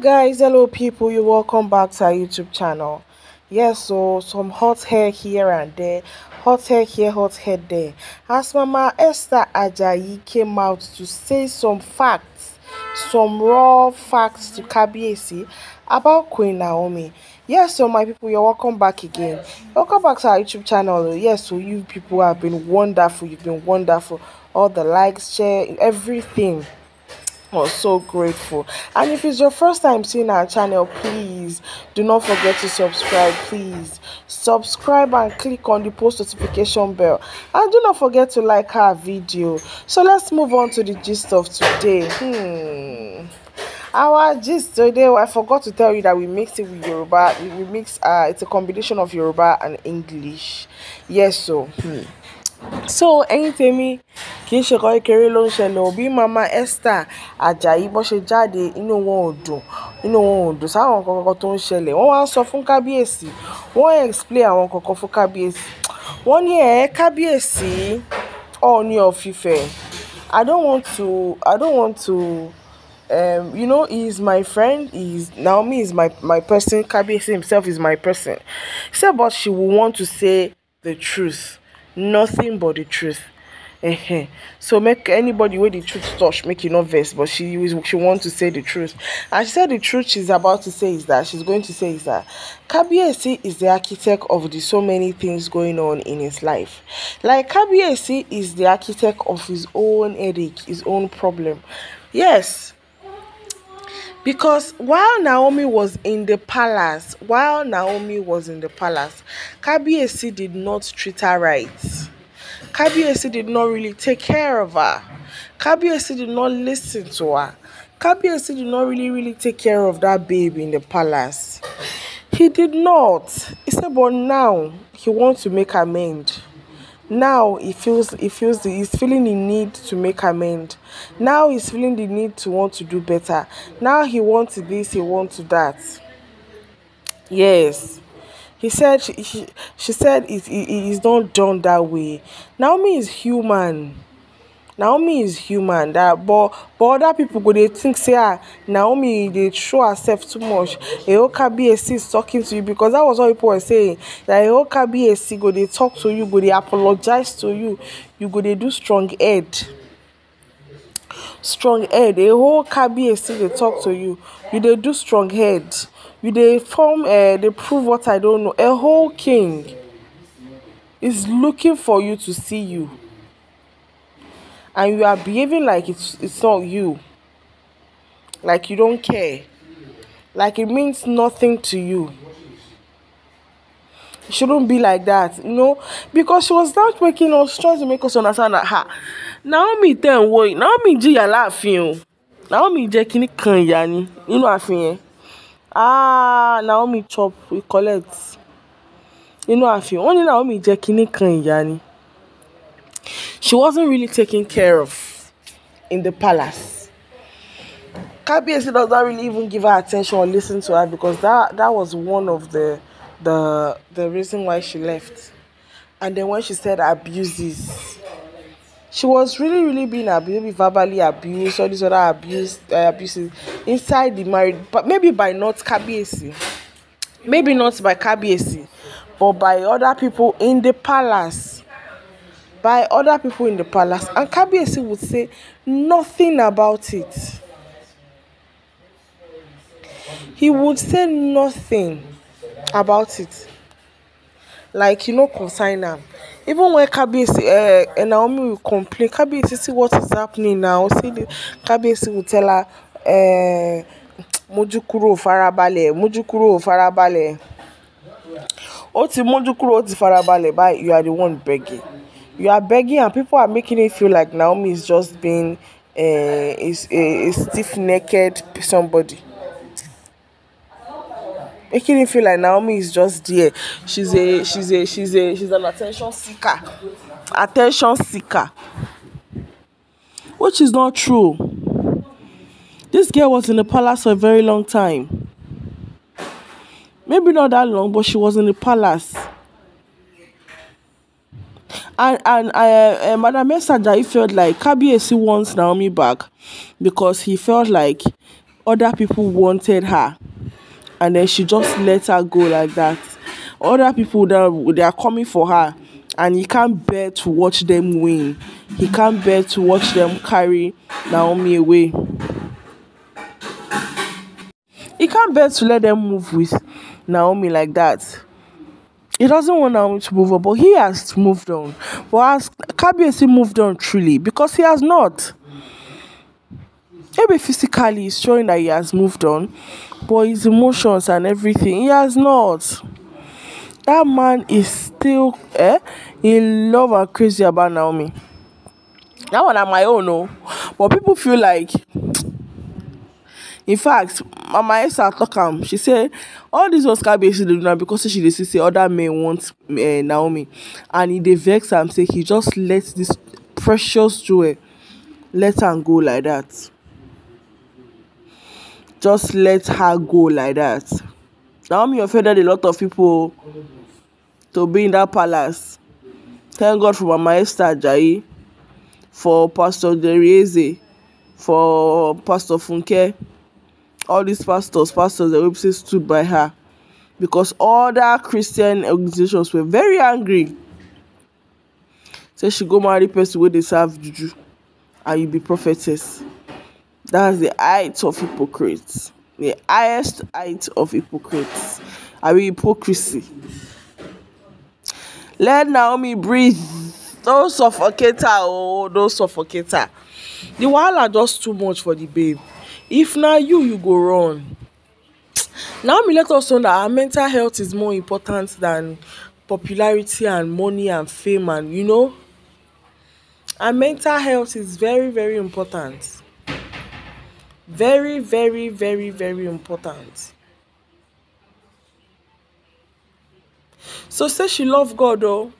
guys hello people you welcome back to our youtube channel yes so some hot hair here and there hot hair here hot hair there as mama esther ajayi came out to say some facts some raw facts to kabiesi about queen naomi yes so my people you're welcome back again welcome back to our youtube channel yes so you people have been wonderful you've been wonderful all the likes share everything was so grateful. And if it's your first time seeing our channel, please do not forget to subscribe. Please subscribe and click on the post notification bell. And do not forget to like our video. So let's move on to the gist of today. Hmm. Our gist today, I forgot to tell you that we mix it with Yoruba. We mix, uh, it's a combination of Yoruba and English. Yes, so. Hmm so ẹ̀yin tèmi kì í ṣe nǹkan kékeré ló ń ṣẹlẹ̀ òbí mama Esther Ajayi bó ṣe jáde inú wọn ò dùn inú wọn ò dùn sáwọn nǹkan kankan tó ń ṣẹlẹ̀ wọ́n wá ń sọ fún kábíyèsí wọ́n explain àwọn kankan fún kábíyèsí wọ́n ní ẹ̀ẹ́ kábíyèsí Ọọ̀ni of Ifẹ̀ I don't want to I don't want to um, you know, is my friend. He's Naomi is my my person. Kabiyesi himself is my person. He said, but she will want to say the truth. nothing but the truth so make anybody where the truth touch make you not vex but she she want to say the truth and she said the truth she's about to say is that she's going to say is that kabiesi is the architect of the so many things going on in his life like kabiesi is the architect of his own headache his own problem yes because while Naomi was in the palace, while Naomi was in the palace, Kabiesi did not treat her right. Kabiesi did not really take care of her. Kabiesi did not listen to her. Kabiesi did not really, really take care of that baby in the palace. He did not. He said, but now he wants to make amends. Now he feels he feels he's feeling the need to make amend. Now he's feeling the need to want to do better. Now he wants this, he wants that. Yes. He said she, she, she said it, it, it is not done that way. Naomi is human naomi is human that but but other people go they think say ah naomi they show herself too much ehoka bac is talking to you because that was what people were saying that ehoka bac go they talk to you go they apologize to you you go they do strong head strong head whole bac they talk to you you they do strong head you they form uh, eh, they prove what i don't know a whole king is looking for you to see you. and you are behaving like it's, it's not you like you don't care like it means nothing to you it shouldn't be like that you know because she was not making us trying to make us understand that ha naomi tẹ̀ ń wo yìí naomi jìyà láàfin o naomi jẹ́ kínní kan ya ni nínú ààfin yẹn ah naomi chop we collect nínú ààfin wọ́n ní naomi jẹ́ kínní kan ya ni. she wasn't really taken care of in the palace. KBS does not really even give her attention or listen to her because that, that was one of the, the, the reason why she left. And then when she said abuses, she was really, really being abused, maybe verbally abused, all these other abuse, uh, abuses inside the marriage, but maybe by not KBS, maybe not by KBS, but by other people in the palace. by other people in the palace, and Kabiesi would say nothing about it. He would say nothing about it. Like, you know, consign him. Even when Kabiesi uh, and Naomi will complain, Kabiesi, see what is happening now. See, the, Kabiesi will tell her, uh, mójú kúrò farabalẹ̀ mójú kúrò farabalẹ̀ ó ti mójú kúrò you are the one begging you are begging and people are making it feel like Naomi is just being uh, is a, eh, a stiff-necked somebody making it feel like Naomi is just there she's a she's a she's a she's an attention seeker attention seeker which is not true this girl was in the palace for a very long time maybe not that long but she was in the palace And and uh, uh, Madam S. he felt like Kabiyesi wants Naomi back because he felt like other people wanted her, and then she just let her go like that. Other people that they are coming for her, and he can't bear to watch them win. He can't bear to watch them carry Naomi away. He can't bear to let them move with Naomi like that. he doesn't want Naomi to move on, but he has moved on. But has Kabiesi moved on truly? Because he has not. Maybe physically he's showing that he has moved on, but his emotions and everything, he has not. That man is still eh, in love and crazy about Naomi. That one on my own, no. Oh. But people feel like in fact mama esther tok am she say all dis ones kabiyesi dey do na because she dey see say other men want uh, naomi and e dey vex am say he just let this precious jewel let am go like that. just let her go like that. naomi offended a lot of people oh, to be in that palace thank god for mama esther Jai, for pastor derieze for pastor funke all these pastors, pastors, the witnesses stood by her because other Christian organizations were very angry. Say so she go marry person where they serve juju and you be prophetess. That's the height of hypocrites. The highest height of hypocrites. I mean hypocrisy. Let Naomi breathe. Don't suffocate her, oh, don't suffocate her. The wahala just too much for the babe. if na you you go run naomi let us know that her mental health is more important than popularity and money and fame and you know her mental health is very very important very very very very important so say she love god Oh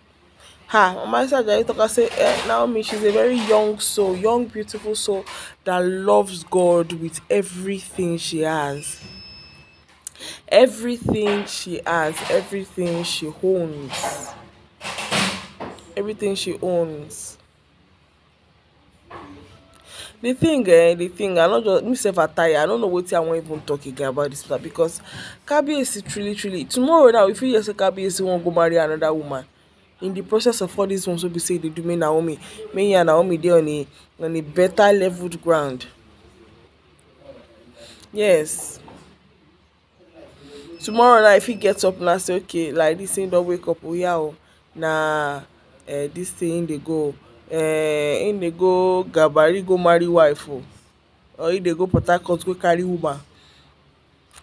her my sister. talk say eh, Naomi she's a very young soul young beautiful soul that loves God with everything she has everything she has everything she owns everything she owns the thing eh the thing i don't just me sef i tire i don't know what i wan even talk again about this matter because kabiyesi truly truly tomorrow now if you hear say kabiyesi wan go marry another woman in the process of all these ones wey be say they do me naomi make he and naomi dey on a on a better leveled ground yes tomorrow now i fit get up I say okay like this thing don't wake up Oh yeah, oh. Nah. uh, this thing they go uh, eh, im dey go gabari go marry wife Oh, or im they go port harcourt go carry woman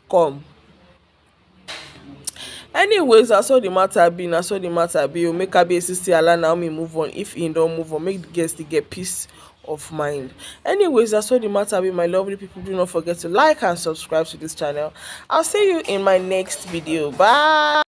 come anyways na so the matter be na so the matter be o make kabiyesi still allow naomi move on if im don move on make the guest still get peace of mind anyways that's all the matter be. my lovely people do not forget to like and subscribe to this channel i'll see you in my next video bye